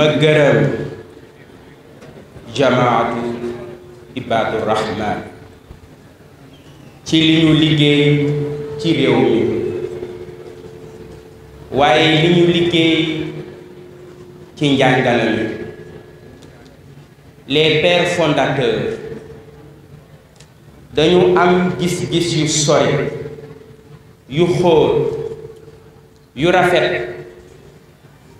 maggaraaw jamaatu ibaadu rahmaan ci li ñu liggéey ci réew mi waaye li ñu liggéey ci njàngale mi les pères dañu am gis-gis yu sori yu xóot yu rafet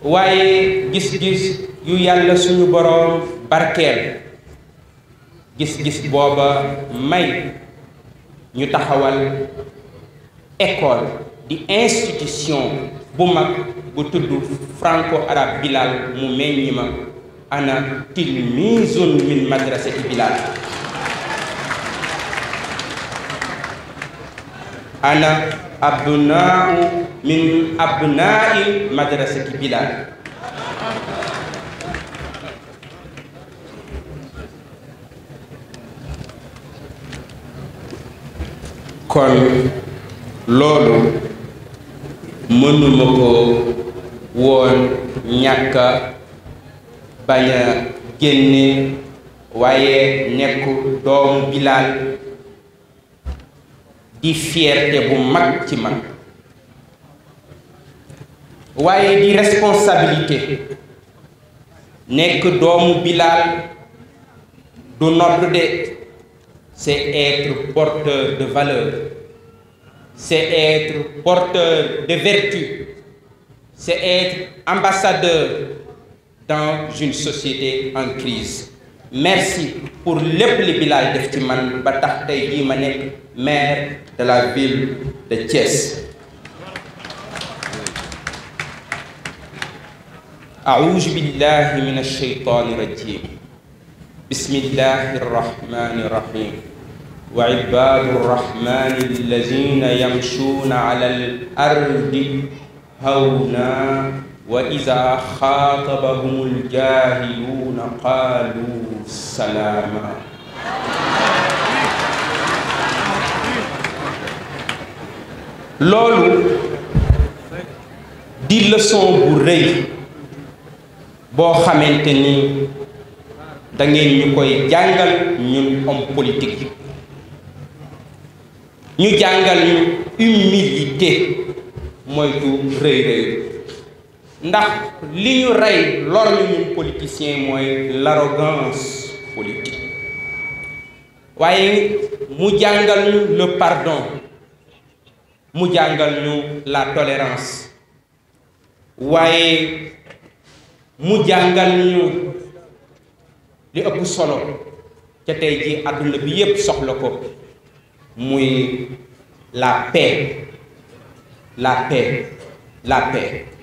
waaye gis-gis yu yàlla suñu boroom barkeel gis-gis booba may ñu taxawal école di institution bu mag bu tudd franco arabe bilal mu meññi ma ana tilmizun min madrasati bilal ana abnaau min abnaai madrasati bilal kon loolu mënuma ko woon ñàkk bañ a génne waaye nekk doomu bilaal di fierté bu mag ci man waaye di responsabilité nekk doomu Bilal du nodd de c'est être porteur de valeur c'est être porteur de vertu c'est être ambassadeur dans une société en crise merci pour lépp li Bilal def ci man ba tax tey jii ma nekk maire de la ville de Thiès أعوذ بالله من الشيطان الرجيم بسم الله الرحمن الرحيم وعباد الرحمن الذين يمشون على الأرض هونا wa ida xaatabahum loolu di leçon bu rëy boo xamante ni da ngeen ñu koy jàngal ñun homme politique ñu jàngal ñu humilité moytu rëy rëy ndax li ñu rey lor ñu ñun politicien mooy l'arrogance politique waaye mu jàngal ñu le pardon mu jàngal ñu la tolérance waaye mu jàngal ñu li ëpp solo ca tey ji àdduna bi yépp soxla ko muy la paix la paix la paix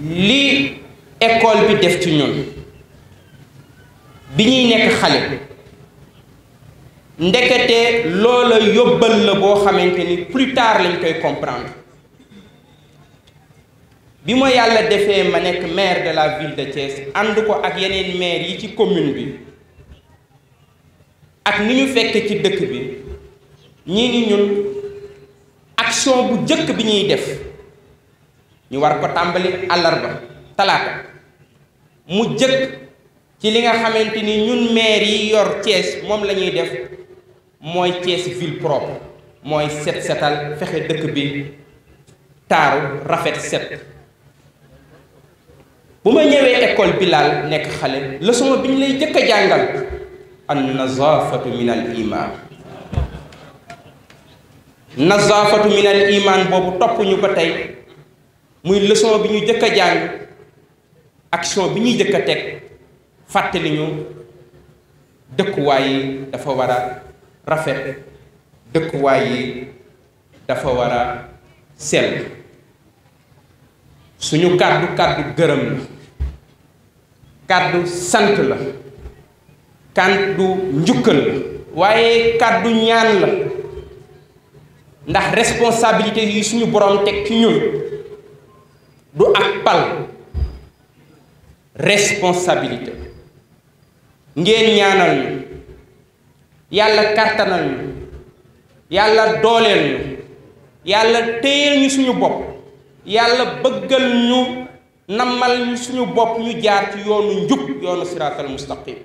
li école bi def ci ñun bi ñuy nekk xale ndekete loola yóbbal na boo xamante ni plus tard lañ koy comprendre bi ma yàlla defee ma nekk maire de la ville de Thiès ànd ko ak yeneen maire yi ci commune bi ak ni ñu fekk ci dëkk bi ñii ni ñun action bu jëkk bi ñuy def ñu war ko tàmbali àllarba talaata mu jëkk ci li nga xamante ni ñun maire yi yor Thiès moom lañuy def mooy Thiès ville propre mooy set setal fexe dëkk bi taaru rafet set bu ma ñëwee école bi laal nekk xale leçon bi ñu lay jëkk a jàngal an nazafatu min al iman nazafatu min boobu toppuñu ba tey muy leçon bi ñu jëkk a jàng action bi ñuy jëkk a teg fàttali ñu dëkkuwaay yi dafa war a rafet dëkkuwaay yi dafa war a sell suñu kàddu kàddu gërëm la kàddu sant la kàddu njukkal la waaye kàddu ñaan la ndax responsabilité yi suñu borom teg ci ñun du ak responsabilité ngeen ñaanal ñu yàlla kàttanal ñu yàlla dooleel ñu yàlla téyel ñu suñu bopp yàlla bëggal ñu namal ñu suñu bopp ñu jaar ci yoonu njub yoonu siraatal mustaqim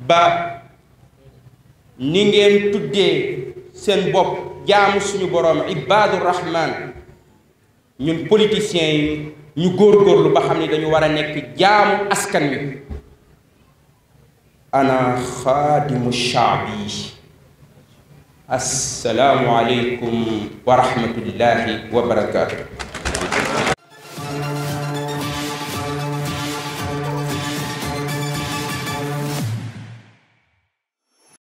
ba ni ngeen tuddee seen bopp jaamu suñu boroom ibaadu rahmaan ñun politiciens yi ñu góor góorgóorlu ba xam ne dañu war a nekk jaamu askan wi ana xaadimu shaabi asalaamu aleykum wa wa barakaatu